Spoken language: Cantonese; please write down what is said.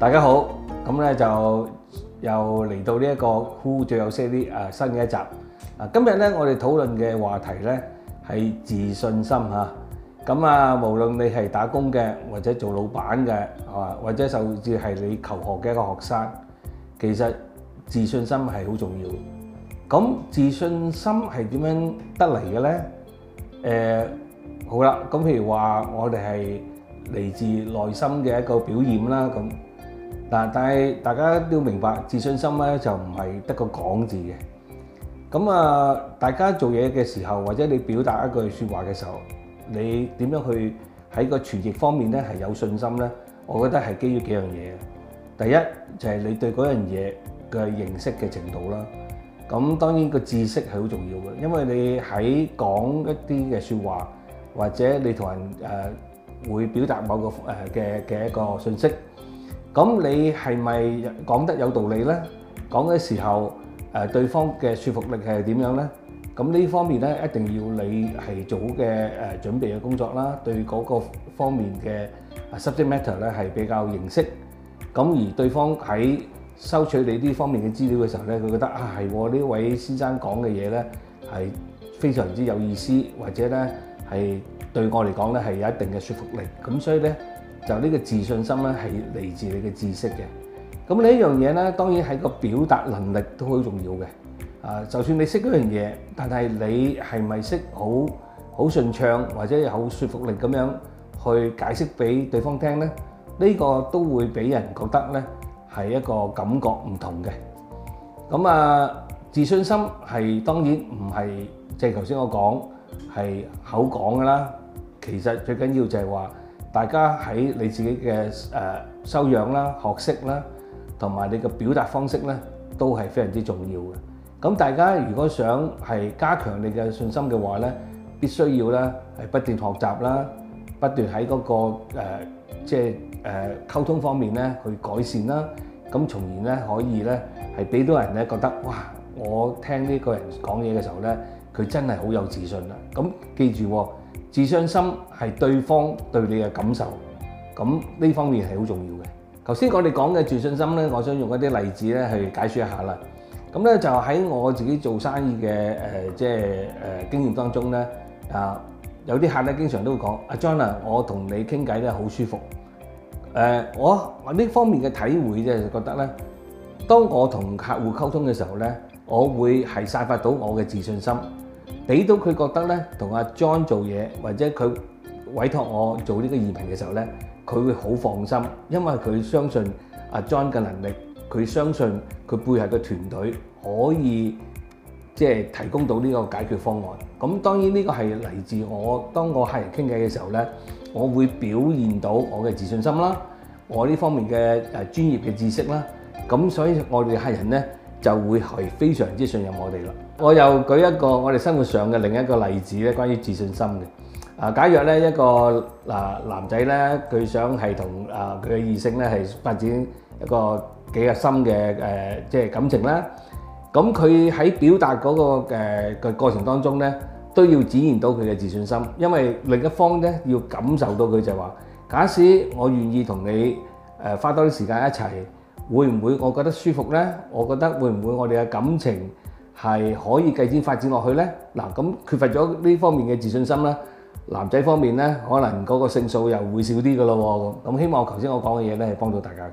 大家好，咁咧就又嚟到呢一個《Who 最有趣啲》啊新嘅一集啊。今日咧，我哋討論嘅話題咧係自信心嚇。咁啊，無論你係打工嘅，或者做老闆嘅，啊，或者甚至係你求學嘅一個學生，其實自信心係好重要。咁自信心係點樣得嚟嘅咧？誒，好啦，咁譬如話，我哋係嚟自內心嘅一個表現啦，咁。嗱，但係大家都要明白，自信心咧就唔係得個講字嘅。咁、嗯、啊，大家做嘢嘅時候，或者你表達一句説話嘅時候，你點樣去喺個傳譯方面咧係有信心咧？我覺得係基於幾樣嘢。第一就係、是、你對嗰樣嘢嘅認識嘅程度啦。咁、嗯、當然個知識係好重要嘅，因為你喺講一啲嘅説話，或者你同人誒、呃、會表達某個誒嘅嘅一個信息。噉你係咪講得有道理呢？講嘅時候，誒對方嘅説服力係點樣呢？噉呢方面呢，一定要你係做好嘅誒準備嘅工作啦，對嗰個方面嘅 subject matter 呢係比較認識。噉而對方喺收取你呢方面嘅資料嘅時候呢，佢覺得啊係喎，呢位先生講嘅嘢呢係非常之有意思，或者呢係對我嚟講呢係有一定嘅説服力。噉所以呢。就呢個自信心咧，係嚟自你嘅知識嘅。咁呢一樣嘢咧，當然係個表達能力都好重要嘅。啊，就算你識嗰樣嘢，但係你係咪識好好順暢，或者有好說服力咁樣去解釋俾對方聽咧？呢個都會俾人覺得咧係一個感覺唔同嘅。咁啊，自信心係當然唔係即係頭先我講係口講㗎啦。其實最緊要就係話。大家喺你自己嘅誒修養啦、學識啦，同埋你嘅表達方式咧，都係非常之重要嘅。咁大家如果想係加強你嘅信心嘅話咧，必須要咧係不斷學習啦，不斷喺嗰個誒即係誒溝通方面咧去改善啦，咁從而咧可以咧係俾到人咧覺得哇，我聽呢個人講嘢嘅時候咧，佢真係好有自信啦。咁記住。自信心係對方對你嘅感受，咁呢方面係好重要嘅。頭先我哋講嘅自信心呢，我想用一啲例子呢去解説一下啦。咁呢就喺我自己做生意嘅誒，即係誒經驗當中呢，啊、呃呃呃、有啲客呢經常都會講阿 John 啊，我同你傾偈呢好舒服。誒、呃、我呢方面嘅體會呢，就覺得呢，當我同客戶溝通嘅時候呢，我會係散發到我嘅自信心。俾到佢覺得咧，同阿 John 做嘢或者佢委託我做呢個移民嘅時候咧，佢會好放心，因為佢相信阿、啊、John 嘅能力，佢相信佢背後嘅團隊可以即係、就是、提供到呢個解決方案。咁、嗯、當然呢個係嚟自我，當我客人傾偈嘅時候咧，我會表現到我嘅自信心啦，我呢方面嘅誒專業嘅知識啦，咁、嗯、所以我哋客人咧。就會係非常之信任我哋啦。我又舉一個我哋生活上嘅另一個例子咧，關於自信心嘅。啊，假若咧一個嗱男仔咧，佢想係同啊佢嘅異性咧係發展一個幾個深嘅誒，即係感情啦。咁佢喺表達嗰個誒嘅過程當中咧，都要展現到佢嘅自信心，因為另一方咧要感受到佢就係話，假使我願意同你誒花多啲時間一齊。會唔會我覺得舒服呢？我覺得會唔會我哋嘅感情係可以繼續發展落去呢？嗱，咁缺乏咗呢方面嘅自信心啦，男仔方面呢，可能嗰個勝數又會少啲噶咯喎。咁希望頭先我講嘅嘢呢，係幫到大家。